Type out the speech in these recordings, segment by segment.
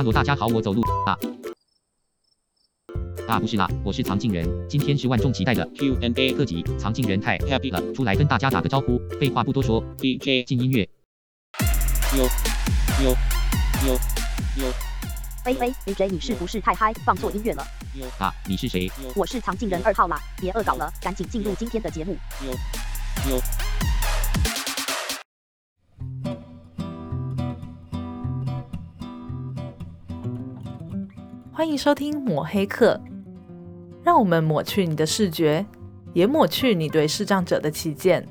哈嘍，大家好，我走路啊啊，不是啦，我是藏鏡人，今天是萬眾期待的 Q&A 特輯，藏鏡人太 happy 了，出來跟大家打個招呼。廢話不多說，DJ 進音樂。有有有有，喂喂，DJ 你是不是太嗨 you know.，放錯音樂了？啊，你是誰？我是藏鏡人二號啦，別惡搞了，趕緊進入今天的節目。有有歡迎收聽抹黑客，讓我們抹去你的視覺，也抹去你對視障者的歧見。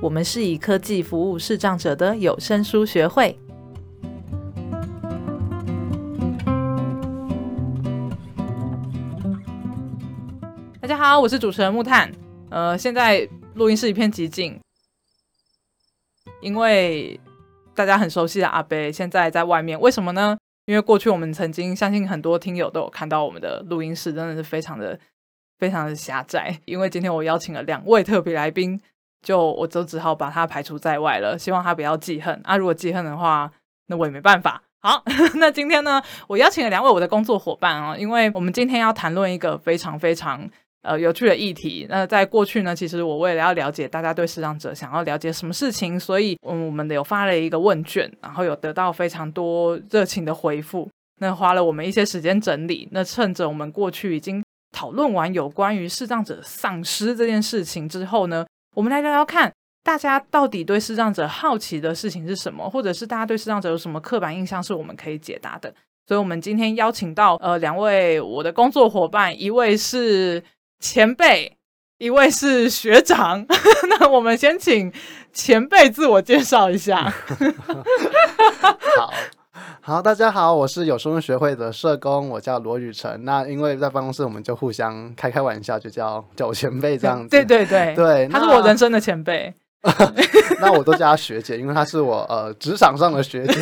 我們是以科技服務視障者的有聲書學會。大家好，我是主持人木炭。呃，現在錄音室一片寂靜，因為大家很熟悉的阿北現在在外面，為什麼呢？因為過去我們曾經相信很多聽友都有看到我們的錄音室真的是非常的非常的狹窄，因為今天我邀請了兩位特別來賓，就我就只好把他排除在外了，希望他不要記恨啊。如果記恨的話，那我也沒辦法。好， 那今天呢，我邀請了兩位我的工作伙伴啊、哦，因為我們今天要談論一個非常非常呃，有趣的議題。那在過去呢，其實我為了要了解大家對視障者想要了解什麼事情，所以我們有發了一個問卷，然後有得到非常多熱情的回復。那花了我們一些時間整理。那趁着我們過去已經討論完有關於視障者喪失這件事情之後呢，我們來聊聊看大家到底對視障者好奇的事情是什麼，或者是大家對視障者有什麼刻板印象是我們可以解答的。所以，我們今天邀請到呃兩位我的工作夥伴，一位是。前輩，一位是學長， 那我們先請前輩自我介紹一下。 好。好好，大家好，我是有聲書學會的社工，我叫羅雨辰。那因為在辦公室，我們就互相開開玩笑，就叫叫我前輩這樣子。嗯、對對對對，他是我人生的前輩。 那我都叫她學姐， 因為她是我呃職場上的學姐。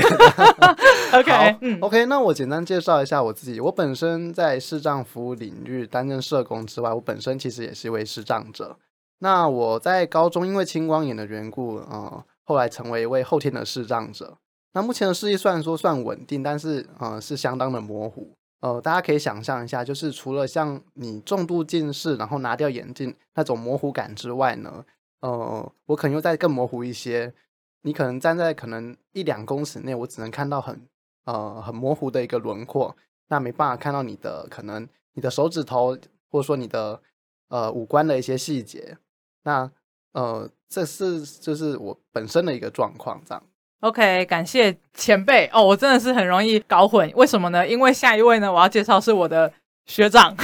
OK OK，那我簡單介紹一下我自己。我本身在視障服務領域擔任社工之外，我本身其實也是一位視障者。那我在高中因為青光眼的緣故，呃，後來成為一位後天的視障者。那目前的視力雖然說算穩定，但是呃是相當的模糊。呃，大家可以想象一下，就是除了像你重度近視然後拿掉眼鏡那種模糊感之外呢。呃，我可能又再更模糊一些。你可能站在可能一兩公尺內，我只能看到很呃很模糊的一個輪廓，那沒辦法看到你的可能你的手指頭，或者說你的呃五官的一些細節。那呃，這是就是我本身的一個狀況，這樣。OK，感謝前輩。哦，我真的是很容易搞混，為什麼呢？因為下一位呢，我要介紹是我的學長。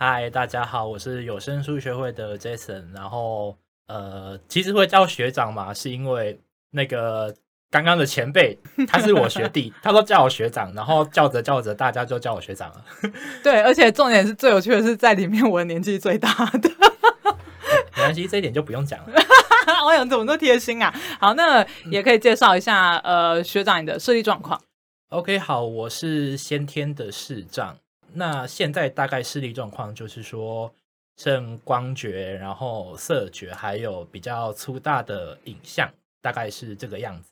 嗨，大家好，我是有聲書學會的 Jason。然後，呃，其實會叫學長嘛，是因為那個剛剛的前輩他是我學弟， 他說叫我學長，然後叫着叫着，大家就叫我學長了。 對，而且重點是最有趣的是，在裡面我的年紀最大的， 欸、沒關係，這一點就不用講了。我 陽怎麼那麼貼心啊？好，那也可以介紹一下、嗯，呃，學長你的視力狀況。OK，好，我是先天的視障。那現在大概視力狀況就是說，剩光覺，然後色覺，還有比較粗大的影像，大概是這個樣子。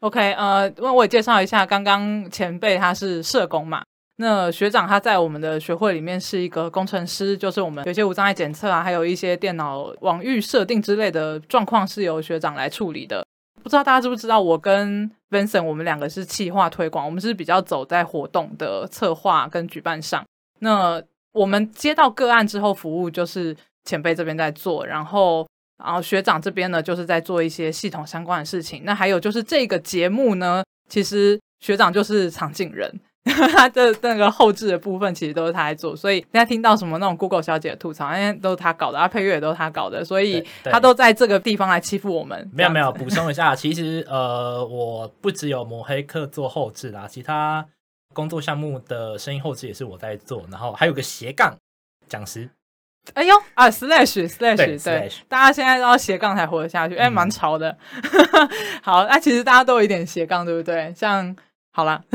OK，呃，那我也介紹一下，剛剛前輩他是社工嘛，那學長他在我們的學會裡面是一個工程師，就是我們有些無障礙檢測啊，還有一些電腦網域設定之類的狀況是由學長來處理的。不知道大家知不知道我跟。Benson，我們兩個是企劃推廣，我們是比較走在活動的策劃跟舉辦上。那我們接到個案之後，服務就是前輩這邊在做，然後，然後學長這邊呢，就是在做一些系統相關的事情。那還有就是這個節目呢，其實學長就是場景人。 他的那個後置的部分，其實都是他在做，所以大家聽到什麼那種 Google 小姐吐槽，因為都是他搞的，他配樂也都是他搞的，所以他都在這個地方來欺負我們。沒有沒有，補充一下，其實呃，我不只有抹黑客做後製啦、啊，其他工作項目的聲音後製也是我在做，然後還有個斜槓講師。哎呦啊，Slash Slash 對，對 slash，大家現在都要斜槓才活得下去，哎、欸，蠻潮的。 好，那其實大家都有一點斜槓，對不對？像好了。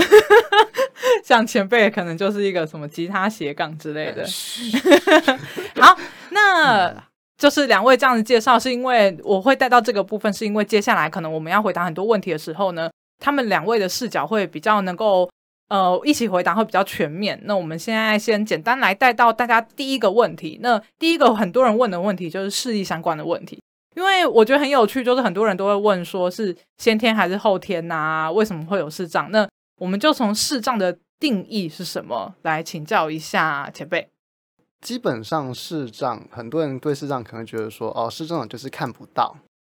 像前輩可能就是一個什麼吉他斜槓之類的。 好，那就是兩位這樣子介紹，是因為我會帶到這個部分，是因為接下來可能我們要回答很多問題的時候呢，他們兩位的視角會比較能夠呃一起回答，會比較全面。那我們現在先簡單來帶到大家第一個問題。那第一個很多人問的問題就是視力相關的問題，因為我覺得很有趣，就是很多人都會問說，是先天還是後天吶、啊？為什麼會有視障？那我們就從視障的定義是什麼來請教一下前輩。基本上視障，很多人對視障可能覺得說，哦，視障就是看不到。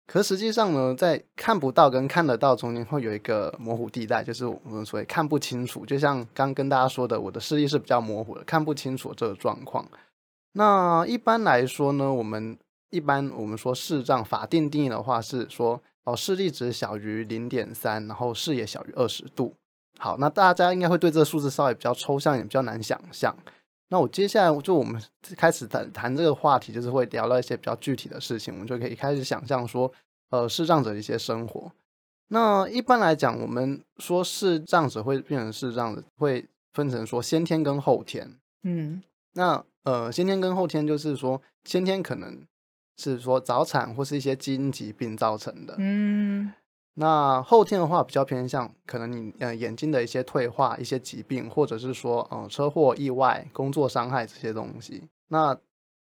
可實際上呢，在看不到跟看得到中間會有一個模糊地帶，就是我們所謂看不清楚。就像剛剛跟大家說的，我的視力是比較模糊的，看不清楚這個狀況。那一般來說呢，我們一般我們說視障法定定義的話是說，哦，視力值小於零點三，然後視野小於二十度。好，那大家應該會對這個數字稍微比較抽象，也比較難想象。那我接下來就我們開始談談這個話題，就是會聊到一些比較具體的事情，我們就可以開始想象說，呃，視障者的一些生活。那一般來講，我們說視障者會變成視障者，會分成說先天跟後天。嗯，那呃，先天跟後天就是說，先天可能是說早產或是一些基因疾病造成的。嗯。那後天的話比較偏向，可能你呃眼睛的一些退化、一些疾病，或者是說呃車禍、意外、工作傷害這些東西。那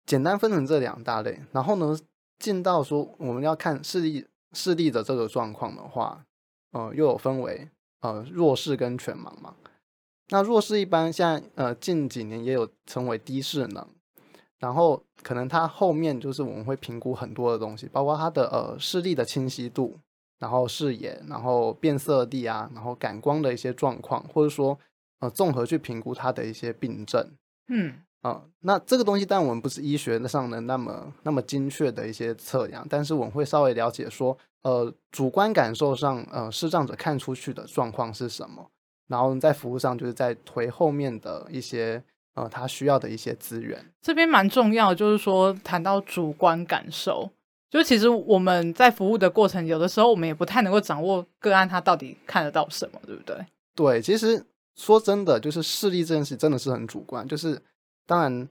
簡單分成這兩大類。然後呢，進到說我們要看視力視力的這個狀況的話，呃，又有分為呃弱視跟全盲嘛。那弱視一般像呃近幾年也有稱為低視能，然後可能它後面就是我們會評估很多的東西，包括它的呃視力的清晰度。然後視野，然後辨色力啊，然後感光的一些狀況，或者說呃，綜合去評估他的一些病症。嗯，啊、呃，那這個東西，但我們不是醫學上的那麼那麼精確的一些測量，但是我們會稍微了解說，呃，主觀感受上，呃，視障者看出去的狀況是什麼，然後在服務上就是在推後面的一些呃他需要的一些資源。這邊蠻重要，就是說談到主觀感受。就其實我們在服務的過程，有的時候我們也不太能夠掌握個案他到底看得到什麼，對不對？對，其實說真的，就是視力這件事真的是很主觀。就是當然，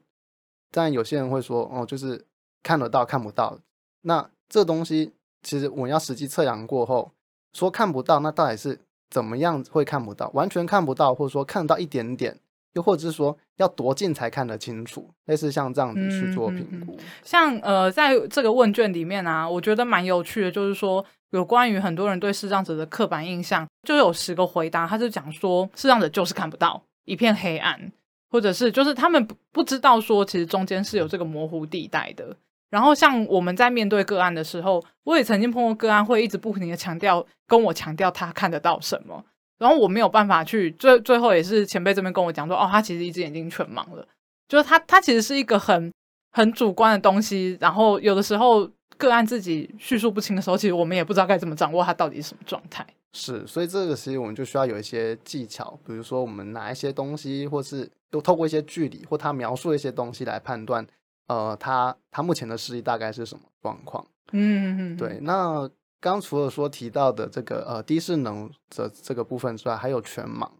當然有些人會說，哦，就是看得到看不到。那這東西其實我要實際測量過後，說看不到，那到底是怎麼樣會看不到？完全看不到，或者說看得到一點點？又或者是說要多近才看得清楚，類似像這樣子去做評估。嗯嗯嗯。像呃，在這個問卷裡面啊，我覺得蠻有趣的，就是說有關於很多人對視障者的刻板印象，就有十個回答，他就講說視障者就是看不到一片黑暗，或者是就是他們不不知道說其實中間是有這個模糊地帶的。然後像我們在面對個案的時候，我也曾經碰過個案會一直不停的強調，跟我強調他看得到什麼。然後我沒有辦法去最，最後也是前輩這邊跟我講說，哦，他其實一隻眼睛全盲了，就是他他其實是一個很很主觀的東西，然後有的時候個案自己敘述不清的時候，其實我們也不知道該怎麼掌握他到底是什麼狀態。是，所以這個其實我們就需要有一些技巧，比如說我們拿一些東西，或是就透過一些距離或他描述的一些東西來判斷，呃，他他目前的視力大概是什麼狀況？嗯哼哼，對，那。剛，剛除了說提到的這個呃低視能的這個部分之外，還有全盲。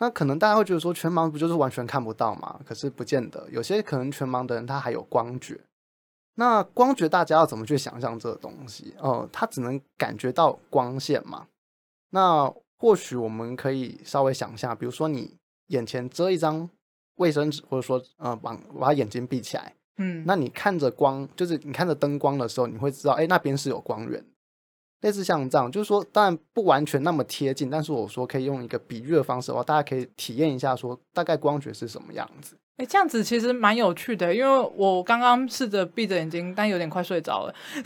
那可能大家會覺得說，全盲不就是完全看不到嗎？可是不見得，有些可能全盲的人他還有光覺。那光覺大家要怎麼去想象這個東西？哦，他只能感覺到光線嘛。那或許我們可以稍微想一下，比如說你眼前遮一張衛生紙，或者說嗯、呃、把把眼睛閉起來，嗯，那你看着光，就是你看着燈光的時候，你會知道哎，那邊是有光源。類似像這樣，就是說，當然不完全那麼貼近，但是我說可以用一個比喻的方式的話，大家可以體驗一下，說大概光覺是什麼樣子。哎，這樣子其實蠻有趣的，欸，因為我剛剛試着閉着眼睛，但有點快睡着了。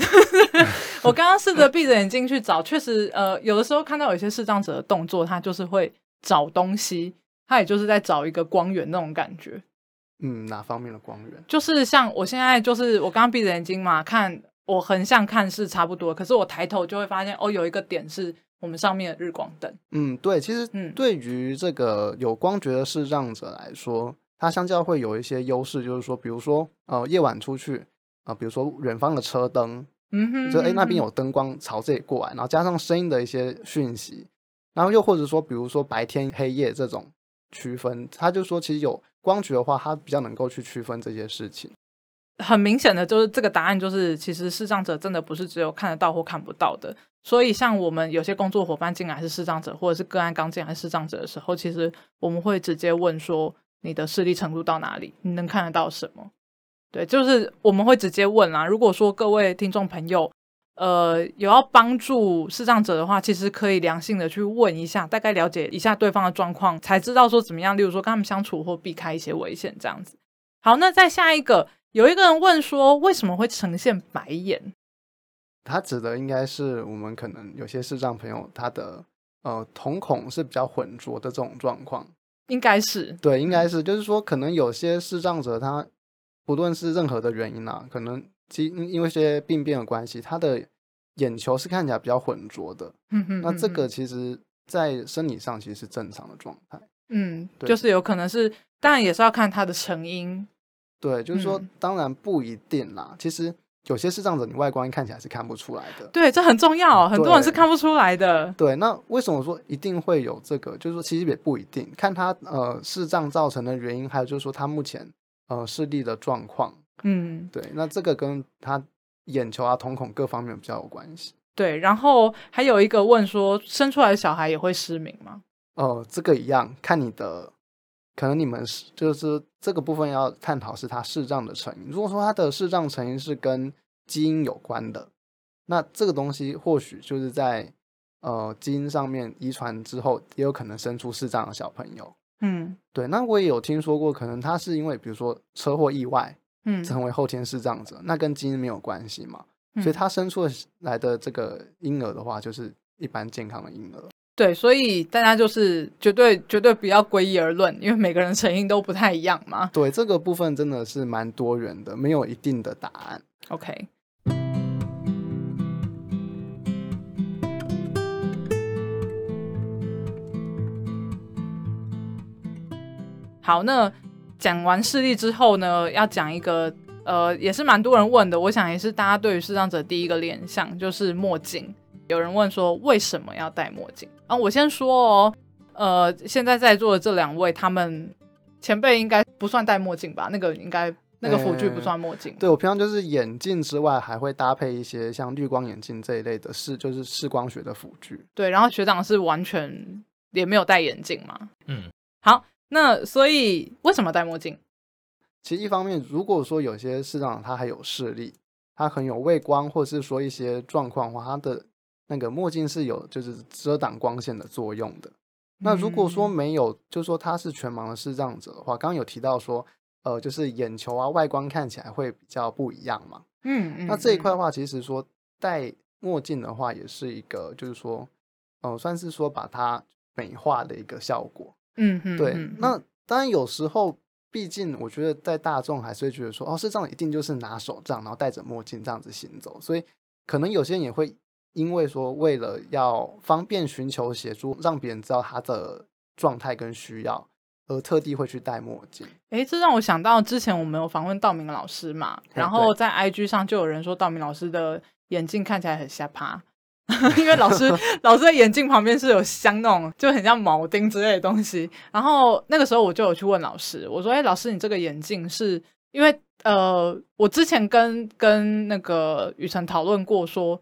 我剛剛試着閉着眼睛去找，確實，呃，有的時候看到有一些視障者的動作，他就是會找東西，他也就是在找一個光源那種感覺。嗯，哪方面的光源？就是像我現在，就是我剛剛閉着眼睛嘛，看。我橫向看是差不多，可是我抬頭就會發現哦，有一個點是我們上面的日光燈。嗯，對，其實對於這個有光覺的視障者來說，它、嗯、相較會有一些優勢，就是說，比說、呃呃，比如說呃夜晚出去啊，比如說遠方的車燈，嗯哼，嗯哼，就哎、欸、那邊有燈光朝這裡過來，然後加上聲音的一些訊息，然後又或者說比如說白天黑夜這種區分，他就是說其實有光覺的話，它比較能夠去區分這些事情。很明顯的就是這個答案，就是其實視障者真的不是只有看得到或看不到的。所以像我們有些工作夥伴進來是視障者，或者是個案剛進來是視障者的時候，其實我們會直接問說你的視力程度到哪裡，你能看得到什麼？對，就是我們會直接問啦、啊。如果說各位聽眾朋友，呃，有要幫助視障者的話，其實可以良性的去問一下，大概了解一下對方的狀況，才知道說怎麼樣。例如說跟他們相處或避開一些危險這樣子。好，那在下一個。有一個人問說：“為什麼會呈現白眼？”他指的應該是我們可能有些視障朋友，他的呃瞳孔是比較渾濁的這種狀況。應該是對，應該是、嗯、就是說，可能有些視障者，他不論是任何的原因啊，可能其因為一些病變的關係，他的眼球是看起來比較渾濁的。嗯哼，嗯哼，那這個其實在生理上其實是正常的狀態。嗯，對，就是有可能是，當然也是要看它的成因。對，就是說、嗯，當然不一定啦。其實有些視障者，你外觀看起來是看不出來的。對，這很重要、哦嗯，很多人是看不出來的對。對，那為什麼說一定會有這個？就是說，其實也不一定，看他呃視障造成的原因，還有就是說他目前呃視力的狀況。嗯，對，那這個跟他眼球啊、瞳孔各方面比較有關係。對，然後還有一個問說，生出來的小孩也會失明嗎？哦、呃，這個一樣，看你的。可能你們是就是這個部分要探討是他視障的成因。如果說他的視障成因是跟基因有關的，那這個東西或許就是在呃基因上面遺傳之後，也有可能生出視障的小朋友。嗯，對。那我也有聽說過，可能他是因為比如說車禍意外，嗯，成為後天視障者，嗯，那跟基因沒有關係嘛？所以他生出來的這個嬰兒的話，就是一般健康的嬰兒。對，所以大家就是絕對絕對不要歸一而論，因為每個人的成因都不太一樣嘛。對，這個部分真的是蠻多元的，沒有一定的答案。OK。好，那講完視力之後呢，要講一個呃，也是蠻多人問的，我想也是大家對於視障者第一個聯想就是墨鏡。有人問說，為什麼要戴墨鏡？啊，我先說哦，呃，現在在座的這兩位，他們前輩應該不算戴墨鏡吧？那個應該那個輔具不算墨鏡。欸，對，我平常就是眼鏡之外，還會搭配一些像綠光眼鏡這一類的視，就是視光學的輔具。對，然後學長是完全也沒有戴眼鏡嘛。嗯，好，那所以為什麼戴墨鏡？其實一方面，如果說有些學長他還有視力，他很有畏光，或者是說一些狀況的話，他的。那個墨鏡是有就是遮擋光線的作用的。那如果說沒有，就是說他是全盲的，視障者的話，剛剛有提到說，呃，就是眼球啊外觀看起來會比較不一樣嘛。嗯嗯。那這一塊的話，其實說戴墨鏡的話，也是一個就是說，哦，算是說把它美化的一個效果。嗯嗯。對。那當然有時候，畢竟我覺得在大眾還是會覺得說，哦，視障一定就是拿手杖，然後戴着墨鏡這樣子行走，所以可能有些人也會。因為說為了要方便尋求協助，讓別人知道他的狀態跟需要，而特地會去戴墨鏡。哎，這讓我想到之前我們有訪問道明老師嘛，然後在 IG 上就有人說道明老師的眼鏡看起來很瞎趴， 因為老師 老師的眼鏡旁邊是有鑲那種就很像鉚釘之類的東西。然後那個時候我就有去問老師，我說：“誒，老師，你這個眼鏡是因為……呃，我之前跟跟那個雨辰討論過說。”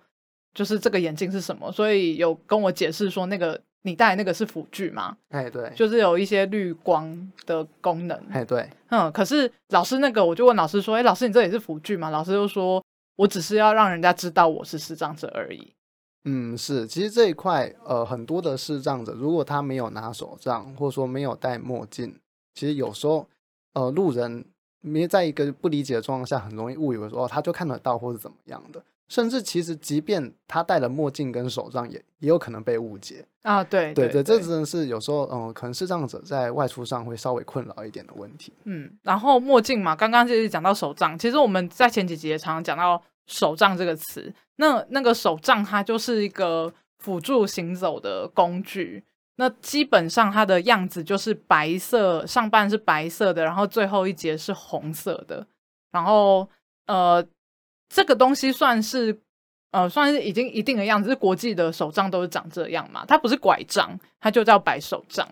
就是這個眼鏡是什麼？所以有跟我解釋說，那個你戴那個是輔具嗎？哎、hey，對，就是有一些濾光的功能。哎、hey，對，嗯。可是老師那個，我就問老師說：“哎、欸，老師，你這也是輔具嗎？”老師就說：“我只是要讓人家知道我是視障者而已。”嗯，是。其實這一塊，呃，很多的視障者，如果他沒有拿手杖，或者說沒有戴墨鏡，其實有時候，呃，路人沒在一個不理解的狀況下，很容易誤以為說哦，他就看得到，或是怎麼樣的。甚至其實，即便他戴了墨鏡跟手杖，也也有可能被誤解啊！對對對，這真的是有時候，嗯，可能是這樣子，在外出上會稍微困擾一點的問題。嗯，然後墨鏡嘛，剛剛就是講到手杖，其實我們在前幾集也常常講到手杖這個詞。那那個手杖它就是一個輔助行走的工具。那基本上它的樣子就是白色，上半是白色的，然後最後一節是紅色的。然後呃。這個東西算是，呃，算是已經一定的樣子，是國際的手杖都是長這樣嘛，它不是拐杖，它就叫白手杖。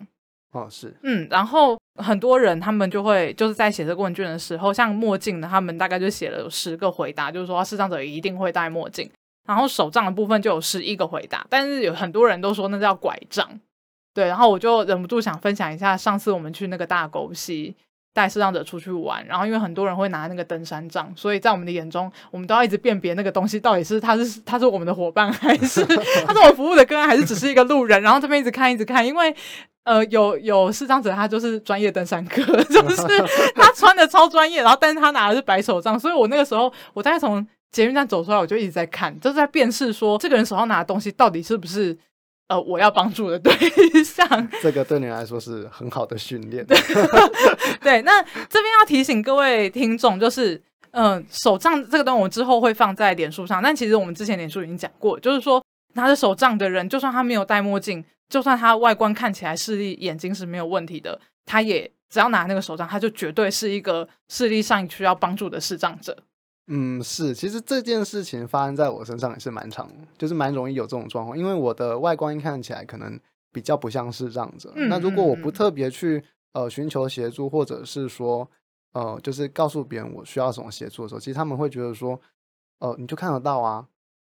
哦，是，嗯，然後很多人他們就會就是在寫這個問卷的時候，像墨鏡的，他們大概就寫了有十個回答，就是說視障者也一定會戴墨鏡，然後手杖的部分就有十一個回答，但是有很多人都說那叫拐杖，對，然後我就忍不住想分享一下，上次我們去那個大溝溪。帶視障者出去玩，然後因為很多人會拿那個登山杖，所以在我們的眼中，我們都要一直辨別那個東西到底是他是他是我們的夥伴，還是他是我們服務的客人，還是只是一個路人。然後這邊一直看一直看，因為呃有有，有視障者他就是專業登山客，就是他穿的超專業，然後但是他拿的是白手杖，所以我那個時候我大概從捷運站走出來，我就一直在看，就是在辨識說這個人手上拿的東西到底是不是。呃，我要幫助的對象， 這個對你來說是很好的訓練。 對，那這邊要提醒各位聽眾，就是，嗯、呃，手杖這個東西，我之後會放在臉書上。但其實我們之前臉書已經講過，就是說拿着手杖的人，就算他沒有戴墨鏡，就算他外觀看起來視力眼睛是沒有問題的，他也只要拿那個手杖，他就絕對是一個視力上需要幫助的視障者。嗯，是，其實這件事情發生在我身上也是蠻常，就是蠻容易有這種狀況，因為我的外觀看起來可能比較不像是這樣子，嗯嗯嗯。那如果我不特別去呃，尋求協助，或者是說呃，就是告訴別人我需要什麼協助的時候，其實他們會覺得說，哦、呃，你就看得到啊。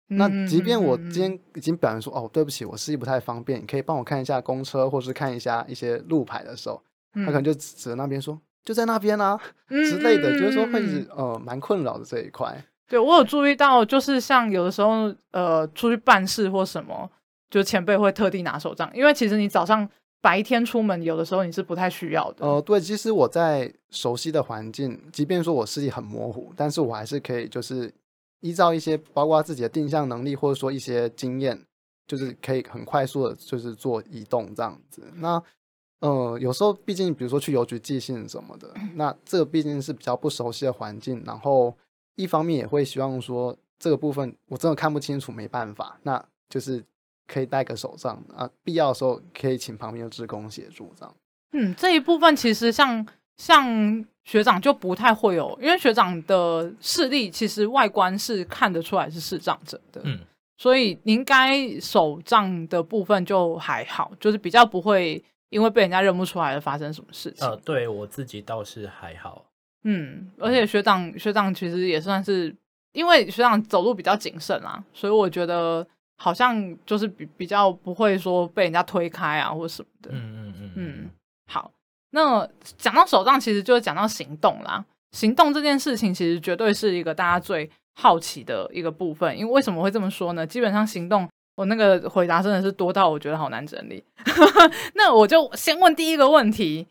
嗯嗯嗯。那即便我今天已經表明說，哦，對不起，我視力不太方便，你可以幫我看一下公車，或是看一下一些路牌的時候，他可能就指着那邊說。嗯嗯就在那邊啊之類的，嗯，就是說會、嗯、呃蠻困擾的這一塊。對，我有注意到，就是像有的時候呃出去辦事或什麼，就是前輩會特地拿手杖，因為其實你早上白天出門有的時候你是不太需要的。呃，對，其實我在熟悉的環境，即便說我視力很模糊，但是我還是可以就是依照一些包括自己的定向能力，或者說一些經驗，就是可以很快速的，就是做移動這樣子。那呃，有時候畢竟，比如說去郵局寄信什麼的，那這個畢竟是比較不熟悉的環境，然後一方面也會希望說這個部分我真的看不清楚，沒辦法，那就是可以戴個手杖啊，必要的時候可以請旁邊的職工協助這樣。嗯，這一部分其實像像學長就不太會有，因為學長的視力其實外觀是看得出來是視障者的，嗯，所以應該手杖的部分就還好，就是比較不會。因為被人家認不出來，發生什麼事情？呃，對，我自己倒是還好。嗯，而且學長，學長其實也算是，因為學長走路比較謹慎啦，所以我覺得好像就是比比較不會說被人家推開啊，或什麼的。嗯嗯嗯。嗯，好，那講到手杖，其實就講到行動啦。行動這件事情，其實絕對是一個大家最好奇的一個部分。因為為什麼會這麼說呢？基本上行動。我那個回答真的是多到我覺得好難整理。 那我就先問第一個問題，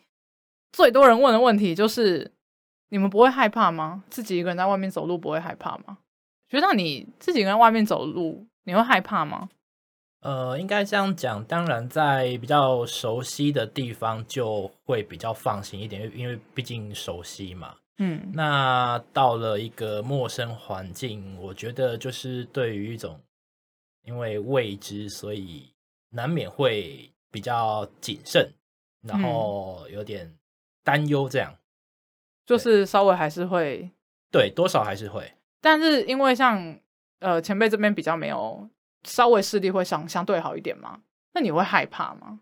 最多人問的問題就是：你們不會害怕嗎？自己一個人在外面走路不會害怕嗎？覺得你自己一個人在外面走路，你會害怕嗎？呃，應該這樣講，當然在比較熟悉的地方就會比較放心一點，因為畢竟熟悉嘛。嗯，那到了一個陌生環境，我覺得就是對於一種。因為未知，所以難免會比較謹慎，然後有點擔憂，這樣、嗯、就是稍微還是會，對，多少還是會。但是因為像呃前輩這邊比較沒有，稍微視力會相相對好一點嘛，那你會害怕嗎？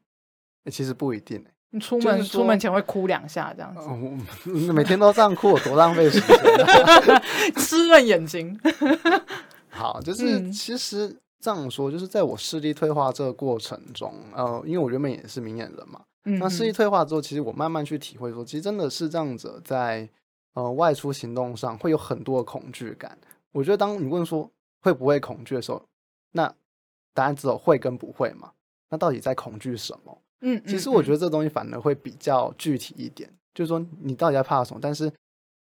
欸、其實不一定、欸，你出門、就是、出門前會哭兩下這樣子，嗯、每天都這樣哭 我多浪費時間、啊， 濕潤眼睛。 好，就是、嗯、其實。這樣說，就是在我視力退化這個過程中，呃，因為我原本也是明眼人嘛，嗯，那視力退化之後，其實我慢慢去體會說，說其實真的是這樣子在，在呃外出行動上會有很多的恐懼感。我覺得當你問說會不會恐懼的時候，那答案只有會跟不會嘛。那到底在恐懼什麼？嗯、嗯、嗯，其實我覺得這東西反而會比較具體一點。嗯嗯，就是說你到底在怕什麼？但是，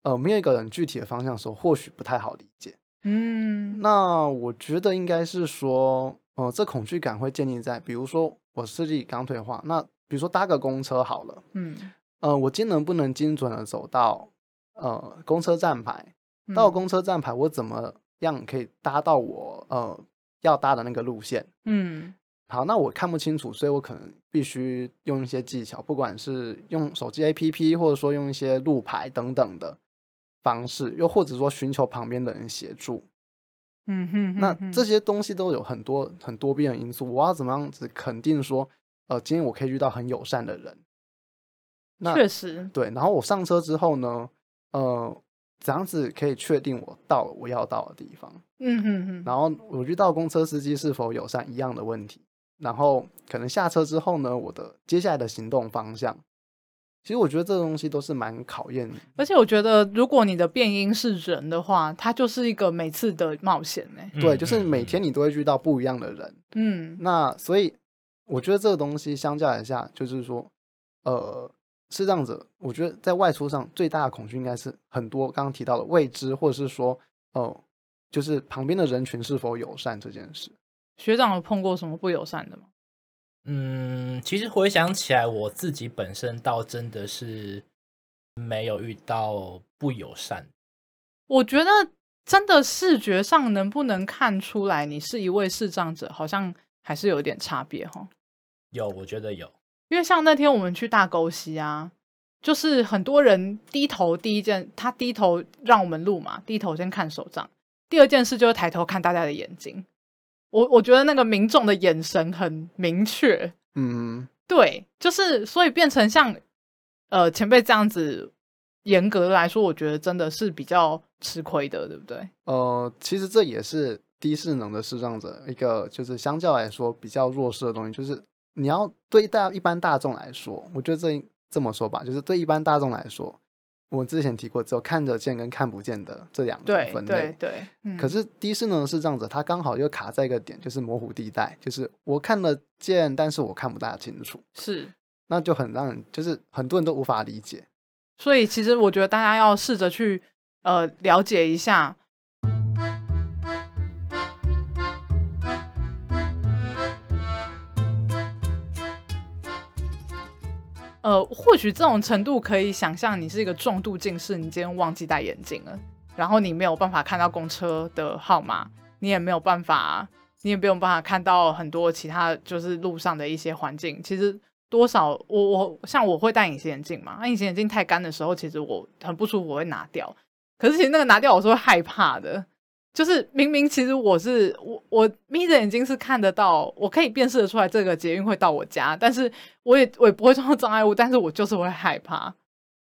呃，沒有一個人具體的方向的時候，或許不太好理解。嗯，那我覺得應該是說，呃，這恐懼感會建立在，比如說我視力剛退化，那比如說搭個公車好了，嗯，呃，我精能不能精準的走到，呃，公車站牌，到公車站牌，我怎麼樣可以搭到我呃要搭的那個路線？嗯，好，那我看不清楚，所以我可能必須用一些技巧，不管是用手機 APP，或者說用一些路牌等等的。方式，又或者說尋求旁邊的人協助，嗯哼、哼、哼，那這些東西都有很多很多變的因素。我要怎麼樣子肯定說，呃，今天我可以遇到很友善的人？那確實，對。然後我上車之後呢，呃，怎樣子可以確定我到了我要到的地方？嗯哼哼。然後我遇到公車司機是否友善一樣的問題。然後可能下車之後呢，我的接下來的行動方向。其實我覺得這個東西都是蠻考驗的，而且我覺得如果你的變因是人的話，它就是一個每次的冒險呢。對，就是每天你都會遇到不一樣的人。嗯，那所以我覺得這個東西相較一下，就是說，呃，是這樣子。我覺得在外出上最大的恐懼應該是很多剛剛提到的未知，或者是說，哦，就是旁邊的人群是否友善這件事。學長有碰過什麼不友善的嗎？嗯，其實回想起來，我自己本身倒真的是沒有遇到不友善。我覺得真的視覺上能不能看出來你是一位視障者，好像還是有點差別哈、哦。有，我覺得有，因為像那天我們去大溝溪啊，就是很多人低頭第一件，他低頭讓我們錄嘛，低頭先看手杖，第二件事就是抬頭看大家的眼睛。我我覺得那個民眾的眼神很明確，嗯，對，就是所以變成像呃前輩這樣子，嚴格來說，我覺得真的是比較吃虧的，對不對？呃，其實這也是低視能的視障者一個，就是相較來說比較弱勢的東西，就是你要對大一般大眾來說，我覺得這這麼說吧，就是對一般大眾來說。我之前提過，只有看得見跟看不見的這兩種分類。對對、對、嗯、可是低視呢是這樣子，它剛好又卡在一個點，就是模糊地帶，就是我看得見，但是我看不大清楚。是。那就很讓人，就是很多人都無法理解。所以其實我覺得大家要試着去呃了解一下。呃，或許這種程度可以想象，你是一個重度近視，你今天忘記戴眼鏡了，然後你沒有辦法看到公車的號碼，你也沒有辦法，你也沒有辦法看到很多其他就是路上的一些環境。其實多少，我我像我會戴隱形眼鏡嘛，那隱形眼鏡太乾的時候，其實我很不舒服，我會拿掉。可是其實那個拿掉我是會害怕的。就是明明其實我是我我眯着眼睛是看得到，我可以辨識得出來這個捷運會到我家，但是我也我也不會撞到障礙物，但是我就是會害怕，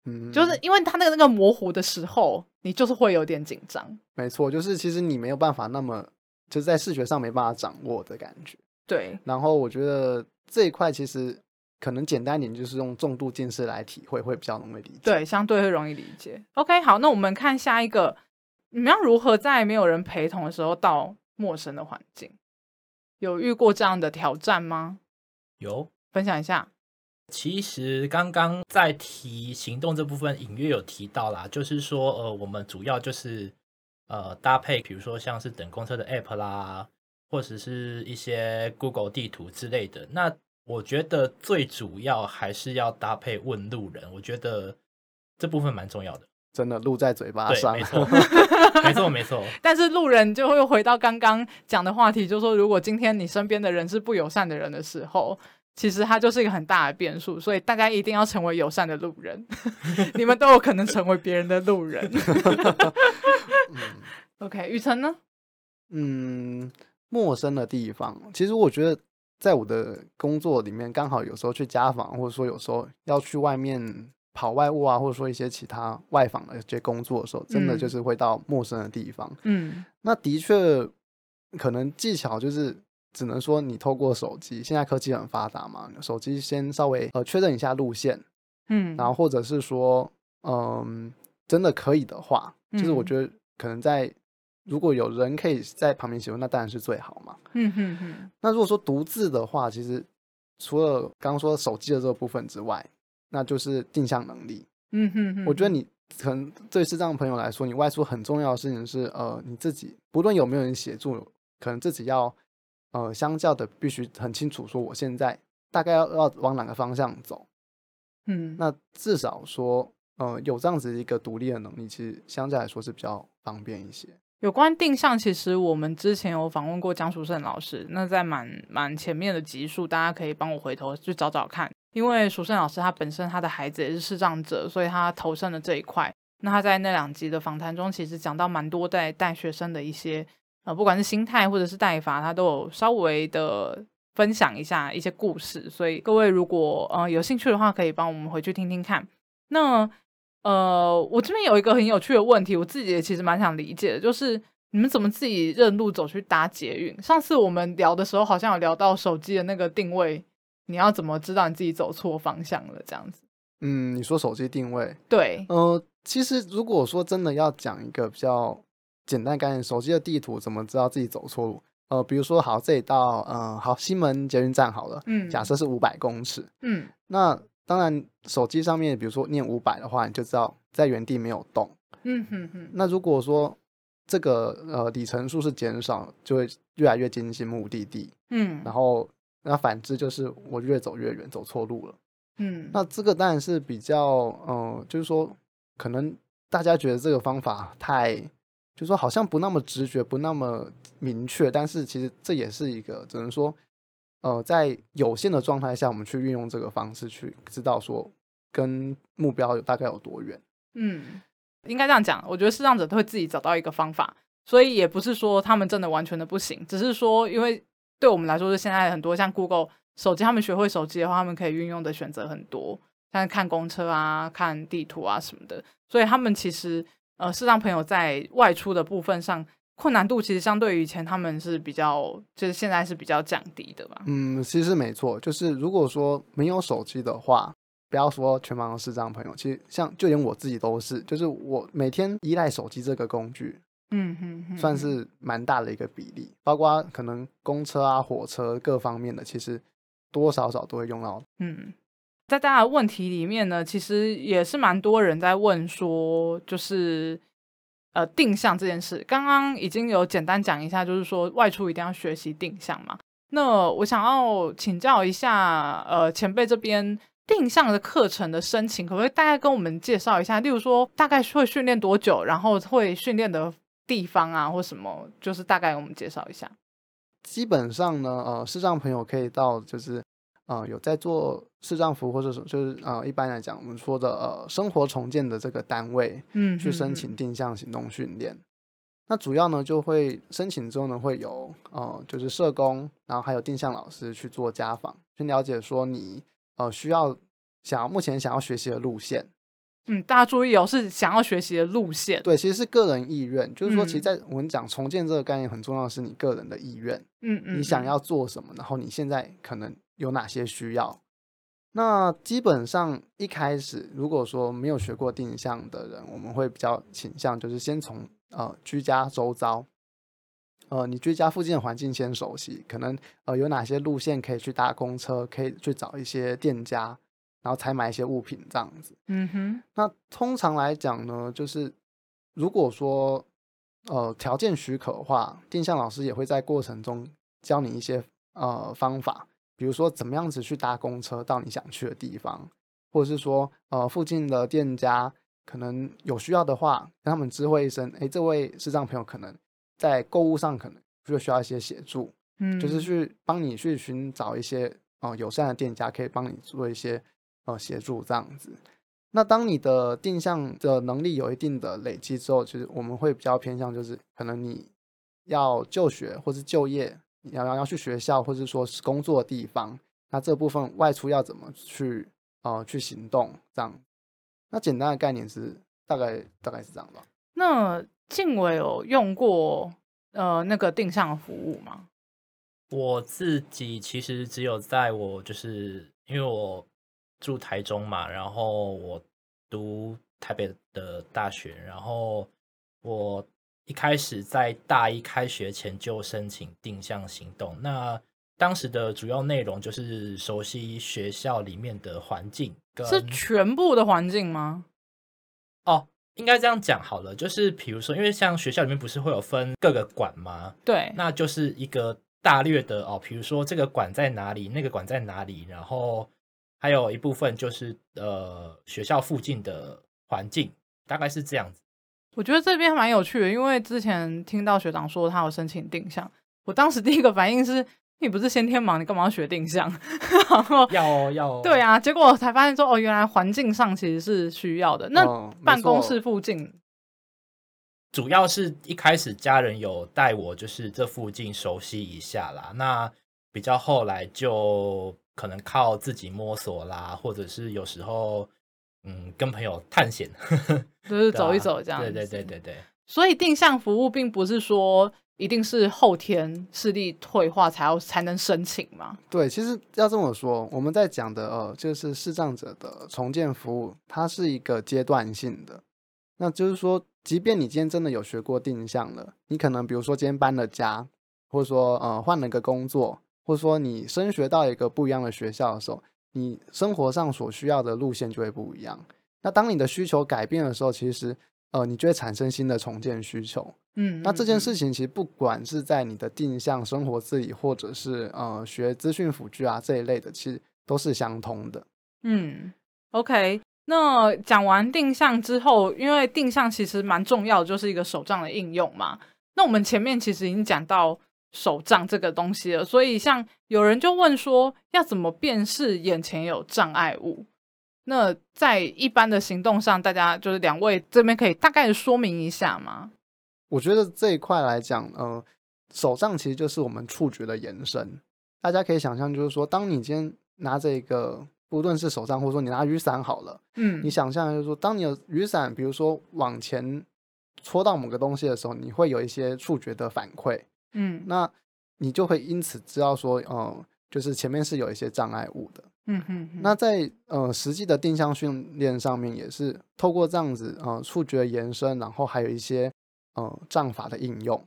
嗯，就是因為它那個那個模糊的時候，你就是會有點緊張。沒錯，就是其實你沒有辦法那麼就是在視覺上沒辦法掌握的感覺。對，然後我覺得這一塊其實可能簡單一點，就是用重度近視來體會會比較容易理解，對，相對會容易理解。OK，好，那我們看下一個。你們要如何在沒有人陪同的時候到陌生的環境？有遇過這樣的挑戰嗎？有，分享一下。其實剛剛在提行動這部分，隱約有提到啦，就是說，呃，我們主要就是呃搭配，比如說像是等公車的 App 啦，或者是一些 Google 地圖之類的。那我覺得最主要還是要搭配問路人，我覺得這部分蠻重要的，真的，路在嘴巴上，對，沒錯 沒錯，沒錯。但是路人就會回到剛剛講的話題，就是說，如果今天你身邊的人是不友善的人的時候，其實他就是一個很大的變數。所以大家一定要成為友善的路人， 你們都有可能成為別人的路人。 嗯、OK，雨辰呢？嗯，陌生的地方，其實我覺得在我的工作裡面，剛好有時候去家訪，或者說有時候要去外面。跑外務啊，或者說一些其他外訪的這些工作的時候，真的就是會到陌生的地方。嗯，嗯，那的確可能技巧就是只能說你透過手機，現在科技很發達嘛，手機先稍微呃確認一下路線。嗯，然後或者是說，嗯、呃，真的可以的話，就是我覺得可能在、嗯、如果有人可以在旁邊協助，那當然是最好嘛。嗯哼哼、嗯嗯。那如果說獨自的話，其實除了剛剛說的手機的這個部分之外，那就是定向能力。嗯哼哼，我覺得你可能對視障朋友來說，你外出很重要的事情是呃，你自己不論有沒有人協助，可能自己要呃，相較的必須很清楚說，我現在大概要要往哪個方向走。嗯，那至少說呃，有這樣子一個獨立的能力，其實相對來說是比較方便一些。有關定向，其實我們之前有訪問過江淑勝老師，那在蠻蠻前面的集數，大家可以幫我回頭去找找看。因為淑勝老師他本身他的孩子也是視障者，所以他投身了這一塊。那他在那兩集的訪談中，其實講到蠻多在帶，帶學生的一些，呃，不管是心態或者是帶法，他都有稍微的分享一下一些故事。所以各位如果呃有興趣的話，可以幫我們回去聽聽看。那呃，我這邊有一個很有趣的問題，我自己也其實蠻想理解的，就是你們怎麼自己認路走去搭捷運？上次我們聊的時候，好像有聊到手機的那個定位，你要怎麼知道你自己走錯方向了？這樣子。嗯，你說手機定位？對。呃，其實如果說真的要講一個比較簡單概念，手機的地圖怎麼知道自己走錯路？呃，比如說好，呃，好，這裡到嗯，好西門捷運站好了，嗯，假設是五百公尺，嗯，那。當然，手機上面，比如說念五百的話，你就知道在原地沒有動。嗯哼哼。那如果說這個呃里程數是減少，就會越來越接近目的地。嗯。然後那反之就是我越走越遠，走錯路了。嗯。那這個當然是比較嗯、呃，就是說可能大家覺得這個方法太，就是說好像不那麼直覺，不那麼明確，但是其實這也是一個，只能說。呃，在有限的狀態下，我們去運用這個方式去知道說跟目標有大概有多遠。嗯，應該這樣講，我覺得視障者都會自己找到一個方法，所以也不是說他們真的完全的不行，只是說因為對我們來說，是現在很多像 Google 手機，他們學會手機的話，他們可以運用的選擇很多，像看公車啊、看地圖啊什麼的，所以他們其實呃視障朋友在外出的部分上。困難度其實相對於以前，他們是比較，就是現在是比較降低的吧。嗯，其實沒錯，就是如果說沒有手機的話，不要說全盲人士這樣的朋友，其實像就連我自己都是，就是我每天依賴手機這個工具，嗯哼、哼，算是蠻大的一個比例。包括可能公車啊、火車各方面的，其實多少少都會用到。嗯，在大家的問題裡面呢，其實也是蠻多人在問說，就是。呃，定向這件事，剛剛已經有簡單講一下，就是說外出一定要學習定向嘛。那我想要請教一下，呃，前輩這邊定向的課程的申請，可不可以大概跟我們介紹一下？例如說，大概會訓練多久，然後會訓練的地方啊，或什麼，就是大概給我們介紹一下。基本上呢，呃，視障朋友可以到就是。啊、呃，有在做視障服或者是就是呃，一般來講我們說的呃生活重建的這個單位，嗯，去申請定向行動訓練，嗯嗯嗯。那主要呢就會申請之後呢會有呃就是社工，然後還有定向老師去做家訪，去了解說你呃需要想要目前想要學習的路線。嗯，大家注意哦，是想要學習的路線。對，其實是個人意願，嗯，就是說，其實在我們講重建這個概念很重要的是你個人的意願。嗯，嗯嗯，你想要做什麼，然後你現在可能有哪些需要？那基本上一開始，如果說沒有學過定向的人，我們會比較傾向就是先從呃居家周遭，呃，你居家附近的環境先熟悉，可能呃有哪些路線可以去搭公車，可以去找一些店家。然後才買一些物品這樣子。嗯哼。那通常來講呢，就是如果說呃條件許可的話，定向老師也會在過程中教你一些呃方法，比如說怎麼樣子去搭公車到你想去的地方，或者是說呃附近的店家可能有需要的話，跟他們知會一聲。哎，這位視障朋友可能在購物上可能就需要一些協助，嗯，就是去幫你去尋找一些哦、呃、友善的店家，可以幫你做一些。呃，協助這樣子。那當你的定向的能力有一定的累積之後，其實我們會比較偏向，就是可能你要就學或者是就業，然後要，要，要去學校或者是說是工作的地方，那這部分外出要怎麼去呃去行動？這樣，那簡單的概念是大概大概是這樣吧。那靜偉有用過呃那個定向服務嗎？我自己其實只有在我就是因為我。住台中嘛，然後我讀台北的大學，然後我一開始在大一開學前就申請定向行動。那當時的主要內容就是熟悉學校裡面的環境跟，是全部的環境嗎？哦，應該這樣講好了。就是比如說，因為像學校裡面不是會有分各個館嗎？對，那就是一個大略的哦，比如說這個館在哪裡，那個館在哪裡，然後。還有一部分就是呃學校附近的環境，大概是這樣子。我覺得這邊蠻有趣的，因為之前聽到學長說他有申請定向，我當時第一個反應是你不是先天盲，你幹嘛要學定向？然 後要、哦、要、哦、對啊，結果我才發現說哦，原來環境上其實是需要的。那辦公室附近、哦、主要是一開始家人有帶我就是這附近熟悉一下啦，那比較後來就。可能靠自己摸索啦，或者是有時候，嗯，跟朋友探險， 就是走一走這樣子 對。對對對對對。所以定向服務並不是說一定是後天視力退化才要才能申請嘛。對，其實要這麼說，我們在講的呃，就是視障者的重建服務，它是一個階段性的。那就是說，即便你今天真的有學過定向了，你可能比如說今天搬了家，或者說呃換了個工作。或者說，你升學到一個不一樣的學校的時候，你生活上所需要的路線就會不一樣。那當你的需求改變的時候，其實，呃，你就會產生新的重建需求。嗯，那這件事情其實不管是在你的定向生活自理，或者是呃學資訊輔具啊這一類的，其實都是相通的。嗯，OK。那講完定向之後，因為定向其實蠻重要的，就是一個手杖的應用嘛。那我們前面其實已經講到。手杖這個東西了，所以像有人就問說，要怎麼辨識眼前有障礙物？那在一般的行動上，大家就是兩位這邊可以大概說明一下嗎？我覺得這一塊來講，呃，手杖其實就是我們觸覺的延伸。大家可以想象，就是說，當你今天拿這個，不論是手杖，或者說你拿雨傘好了，嗯，你想象就是說，當你的雨傘，比如說往前戳到某個東西的時候，你會有一些觸覺的反饋。嗯，那你就會因此知道說，嗯、呃，就是前面是有一些障礙物的。嗯嗯。那在呃實際的定向訓練上面，也是透過這樣子呃觸覺延伸，然後還有一些呃杖法的應用、嗯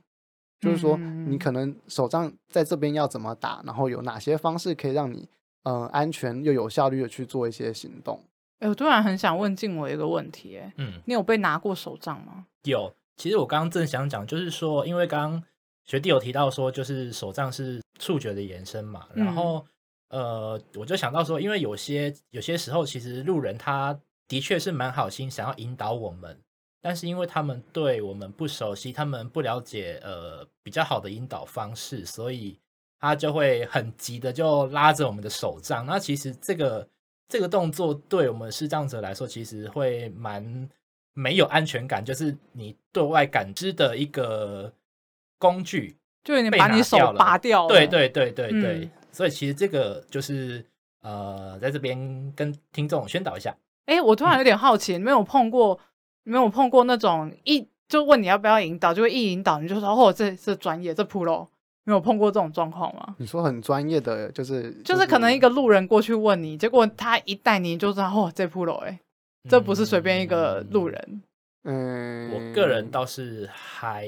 哼哼，就是說你可能手杖在這邊要怎麼打，然後有哪些方式可以讓你呃安全又有效率的去做一些行動。哎，我突然很想問靜偉一個問題，哎，嗯，你有被拿過手杖嗎？有，其實我剛剛正想講，就是說因為剛剛。學弟有提到說，就是手杖是觸覺的延伸嘛，嗯、然後呃，我就想到說，因為有些有些時候，其實路人他的確是蠻好心，想要引導我們，但是因為他們對我們不熟悉，他們不了解呃比較好的引導方式，所以他就會很急的就拉着我們的手杖。那其實這個這個動作對我們視障者來說，其實會蠻沒有安全感，就是你對外感知的一個。工具就已經把你手拔掉了。對對對對對,對、嗯，所以其實這個就是呃，在這邊跟聽眾宣導一下。哎、欸，我突然有點好奇、嗯，沒有碰過，沒有碰過那種一就問你要不要引導，就會一引導你就說哦，這是專業這 pro，沒有碰過這種狀況嗎？你說很專業的，就是就是可能一個路人過去問你，結果他一帶你就知道哦，這 pro，哎、欸，這不是隨便一個路人。嗯，嗯我個人倒是還。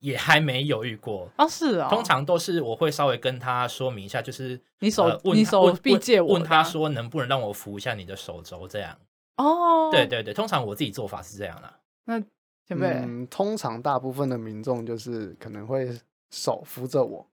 也還沒有遇過啊、哦，是啊、哦，通常都是我會稍微跟他說明一下，就是你手、呃、你手臂借我問，問他說能不能讓我扶一下你的手肘這樣。哦，對對對，通常我自己做法是這樣的。那前輩、嗯，通常大部分的民眾就是可能會手扶着我，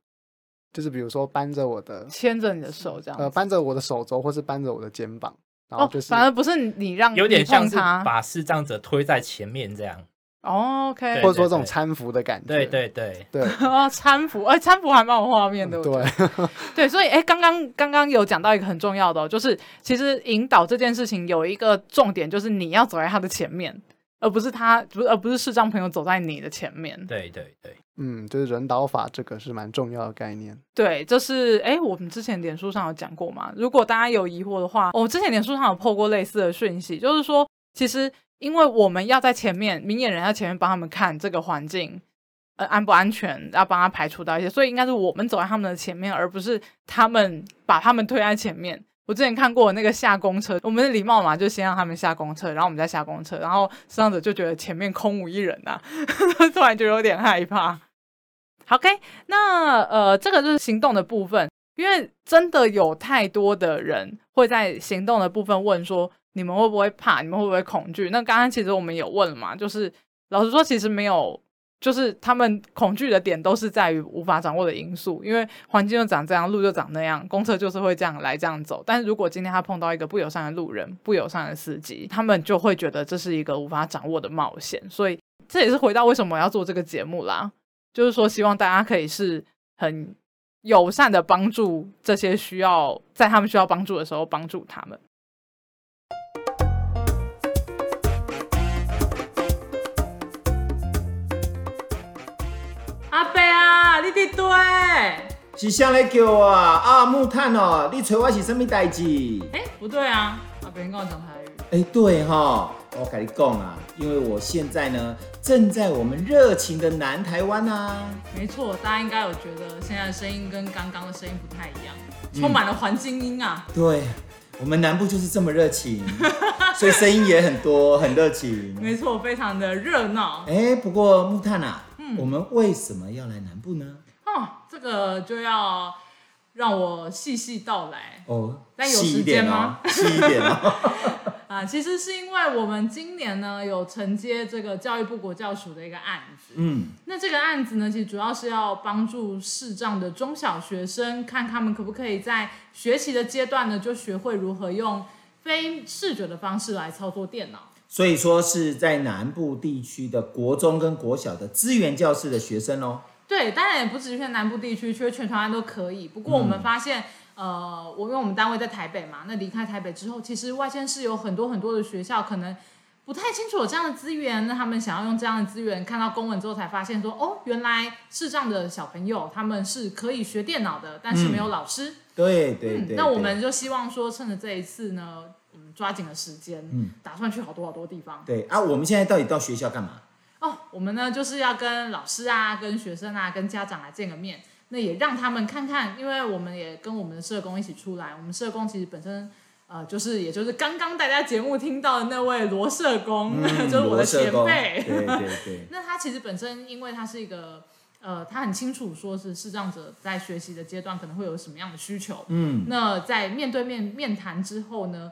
就是比如說扳着我的，牽着你的手這樣，呃，扳着我的手肘，或是扳着我的肩膀，然後就是反而不是你讓，有點像是把視障者推在前面這樣。哦、oh,，OK，或者說這種攙扶的感覺，對對對對，對，對，哦， 攙扶，哎，攙扶還蠻有畫面的，嗯、對 對，所以哎，剛剛剛剛有講到一個很重要的、哦，就是其實引導這件事情有一個重點，就是你要走在他的前面，而不是他不而不是視障朋友走在你的前面，對對對，嗯，就是人導法這個是蠻重要的概念，對，就是哎，我們之前臉書上有講過嘛，如果大家有疑惑的話，我、哦、之前臉書上有 PO 過類似的訊息，就是說。其實，因為我們要在前面，明眼人要前面幫他們看這個環境，呃，安不安全，要幫他排除到一些，所以應該是我們走在他們的前面，而不是他們把他們推在前面。我之前看過那個下公車，我們的禮貌嘛，就先讓他們下公車，然後我們再下公車，然後視障者就覺得前面空無一人啊，呵呵，突然就有點害怕。OK，那呃，這個就是行動的部分，因為真的有太多的人會在行動的部分問說。你們會不會怕？你們會不會恐懼？那剛剛其實我們有問了嘛，就是老實說，其實沒有，就是他們恐懼的點都是在於無法掌握的因素，因為環境就長這樣，路就長那樣，公車就是會這樣來這樣走。但是如果今天他碰到一個不友善的路人、不友善的司機，他們就會覺得這是一個無法掌握的冒險。所以這也是回到為什麼我要做這個節目啦，就是說希望大家可以是很友善的幫助這些需要，在他們需要幫助的時候幫助他們。是誰來叫啊？啊，木炭哦、啊！你找我是什麼代志？哎、欸，不對啊！啊，別人跟我講台語。哎、欸，對哈、哦！我跟你講啊，因為我現在呢，正在我們熱情的南台灣啊。沒錯，大家應該有覺得，現在的聲音跟剛剛的聲音不太一樣，嗯、充滿了環境音啊。對，我們南部就是這麼熱情， 所以聲音也很多，很熱情。沒錯，非常的熱鬧。哎、欸，不過木炭啊、嗯，我們為什麼要來南部呢？哦。這個就要讓我細細道來哦，但有時間嗎？細一點、哦、 啊！其實是因為我們今年呢有承接這個教育部國教署的一個案子，嗯，那這個案子呢，其實主要是要幫助視障的中小學生，看，看他們可不可以在學習的階段呢就學會如何用非視覺的方式來操作電腦。所以，說是在南部地區的國中跟國小的資源教室的學生哦。對，當然也不止是在南部地區，其實全台灣都可以。不過我們發現、嗯，呃，因為我們單位在台北嘛，那離開台北之後，其實外縣市有很多很多的學校，可能不太清楚有這樣的資源。那他們想要用這樣的資源，看到公文之後才發現說，哦，原來是這樣的小朋友，他們是可以學電腦的，但是沒有老師。嗯、對對對、嗯。那我們就希望說，趁着這一次呢，我們、嗯、抓緊了時間，嗯，打算去好多好多地方。對啊，我們現在到底到學校幹嘛？哦、oh，我們呢就是要跟老師啊、跟學生啊、跟家長來見個面，那也讓他們看看，因為我們也跟我們的社工一起出來，我們社工其實本身呃就是，也就是剛剛大家節目聽到的那位羅社工，嗯、 就是我的前輩，對對對。對對 那他其實本身，因為他是一個呃，他很清楚說是視障者在學習的階段可能會有什麼樣的需求，嗯，那在面對面面談之後呢，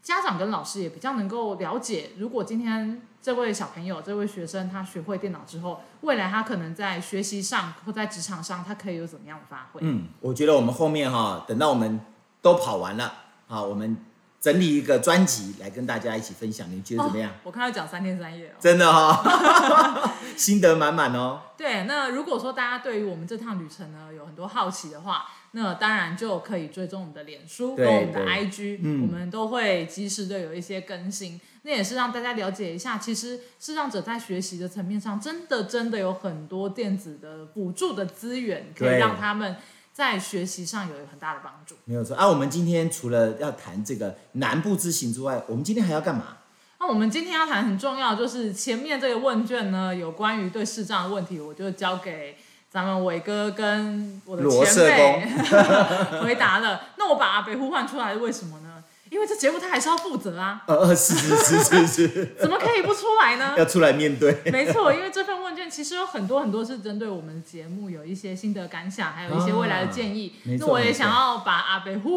家長跟老師也比較能夠了解，如果今天這位小朋友、這位學生他學會電腦之後，未來他可能在學習上或在職場上，他可以有怎麼樣的發揮？嗯，我覺得我們後面哈，等到我們都跑完了好，我們。整理一個專輯來跟大家一起分享，你覺得怎麼樣？哦、我看要講三天三夜哦，真的哈、哦， 心得滿滿哦。對，那如果說大家對於我們這趟旅程呢，有很多好奇的話，那當然就可以追蹤我們的臉書，對，跟我們的 IG、嗯、我們都會及時的有一些更新。那也是讓大家了解一下，其實視障者在學習的層面上，真的真的有很多電子的輔助的資源，可以讓他們。在學習上有很大的幫助，沒有錯啊！我們今天除了要談這個南部之行之外，我們今天還要幹嘛？那、啊、我們今天要談很重要，就是前面這個問卷呢，有關於對視障的問題，我就交給咱們偉哥跟我的前輩 回答了。那我把阿北呼喚出來，為什麼呢？因為這節目他還是要負責啊、哦！呃，是是是是是，是是是 怎麼可以不出來呢？要出來面對。沒錯，因為這份問卷其實有很多很多是針對我們的節目有一些心得感想，還有一些未來的建議。那、哦哦啊、我也想要把阿北呼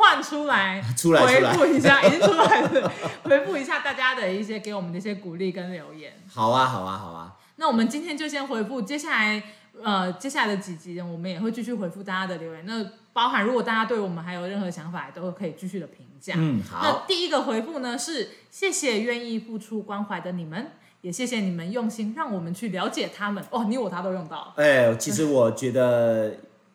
喚出來，出來回復一下，已經出來了，回復一下大家的一些給我們的一些鼓勵跟留言。好啊，好啊，好啊。那我們今天就先回復，接下來呃接下來的幾集我們也會繼續回復大家的留言。那包含如果大家對我們還有任何想法，都可以繼續的評。嗯，好。那第一個回復呢是謝謝願意付出關懷的你們，也謝謝你們用心讓我們去了解他們。哦，你我他都用到了。哎、欸，其實我覺得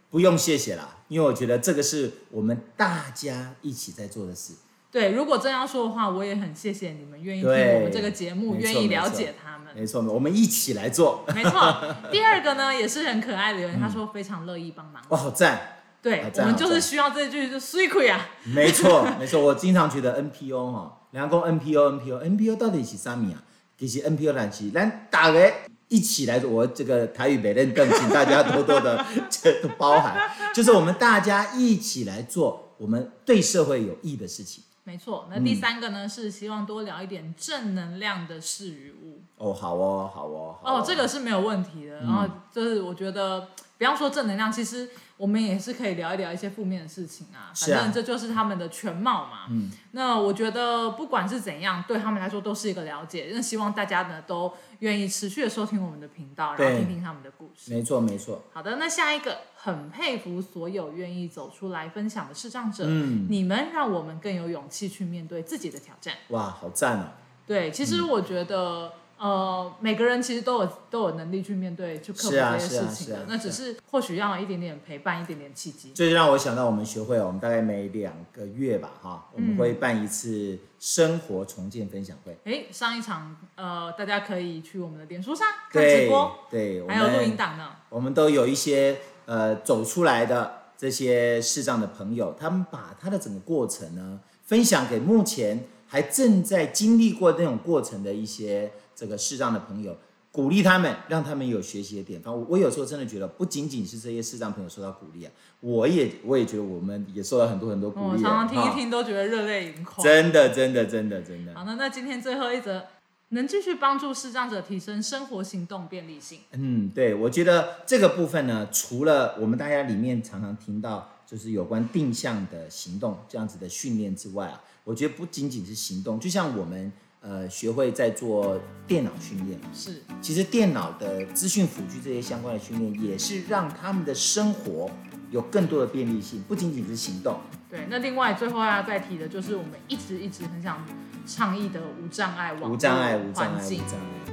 不用謝謝啦， 因為我覺得這個是我們大家一起在做的事。對，如果這樣說的話，我也很謝謝你們願意聽我們這個節目，願意了解他們。沒錯，我們一起來做。 沒錯。第二個呢也是很可愛的人，人、嗯，他說非常樂意幫忙。哇、哦，好讚。對、啊、我們就是需要這句就 secret 啊，沒錯 沒錯，我經常覺得 NPO 哈，兩公 NPO NPO NPO 到底是什麼啊？其實 NPO 呢是來大家一起來做，我這個台語北認更請大家多多的這 都包涵，就是我們大家一起來做我們對社會有益的事情。沒錯，那第三個呢、嗯、是希望多聊一點正能量的事與物。哦好哦好哦，好哦，好、啊、哦這個是沒有問題的，嗯、然後就是我覺得，不要說正能量，其實。我們也是可以聊一聊一些負面的事情啊，反正這就是他們的全貌嘛。啊嗯、那我覺得不管是怎樣，對他們來說都是一個了解。那希望大家呢都願意持續地收聽我們的頻道，然後聽聽他們的故事。沒錯，沒錯。好的，那下一個，很佩服所有願意走出來分享的視障者，嗯，你們讓我們更有勇氣去面對自己的挑戰。哇，好讚哦、啊！對，其實我覺得。嗯呃，每個人其實都有都有能力去面對去克服這些事情的，啊啊啊啊啊、那只是或許要一點點陪伴，一點點契機。所以讓我想到，我們學會，我們大概每兩個月吧，哈、嗯，我們會辦一次生活重建分享會。哎，上一場，呃，大家可以去我們的臉書上看直播，對，對還有錄音檔呢我。我們都有一些呃走出來的這些視障的朋友，他們把他的整個過程呢分享給目前還正在經歷過這種過程的一些。這個視障的朋友，鼓勵他們，讓他們有學習的典範。我有時候真的覺得，不僅僅是這些視障朋友受到鼓勵啊，我也我也覺得我們也受了很多很多鼓勵、嗯。我常常聽一聽都覺得熱淚盈眶。哦、真的，真的，真的，真的。好的，那那今天最後一則，能繼續幫助視障者提升生活行動便利性。嗯，對，我覺得這個部分呢，除了我們大家裡面常常聽到，就是有關定向的行動這樣子的訓練之外啊，我覺得不僅僅是行動，就像我們。呃，學會在做電腦訓練是，其實電腦的資訊輔具這些相關的訓練，也是讓他們的生活有更多的便利性，不僅僅是行動。對，那另外最後要再提的就是，我們一直一直很想倡議的無障礙網無障礙環境。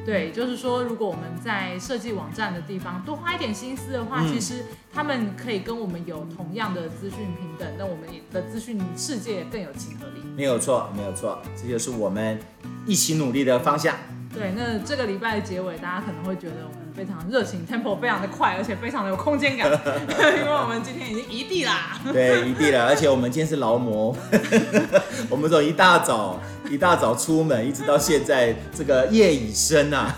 對，就是說，如果我們在設計網站的地方多花一點心思的話，嗯、其實他們可以跟我們有同樣的資訊平等，那我們的資訊世界更有親和力。沒有錯，沒有錯，這就是我們。一起努力的方向。對，那這個禮拜的結尾，大家可能會覺得我們非常熱情，tempo 非常的快，而且非常的有空間感， 因為我們今天已經一地啦，對，一地了， 而且我們今天是勞模， 我們從一大早一大早出門， 一直到現在，這個夜已深啊，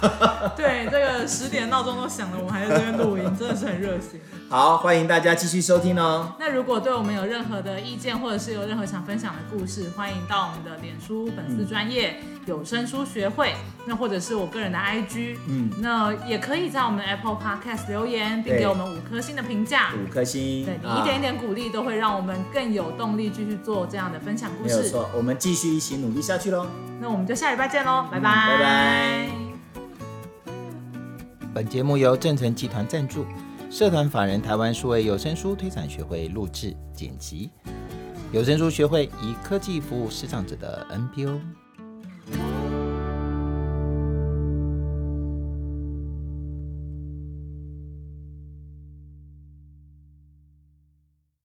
對，這個十點鬧鐘都響了，我們還在這邊錄音， 真的是很熱情。好，歡迎大家繼續收聽哦。那如果對我們有任何的意見，或者是有任何想分享的故事，歡迎到我們的臉書粉絲專頁有聲書學會，那或者是我個人的 IG，嗯，那也可以。在我們 Apple Podcast 留言，並給我們五顆星的評價。五顆星，對你一點一點鼓勵，都會讓我們更有動力繼續做這樣的分享故事。沒錯，我們繼續一起努力下去嘍。那我們就下禮拜見嘍，拜拜、嗯、拜拜。本節目由正成集團贊助，社團法人台灣數位有聲書推展學會錄製剪輯，有聲書學會以科技服務視障者的 NPO。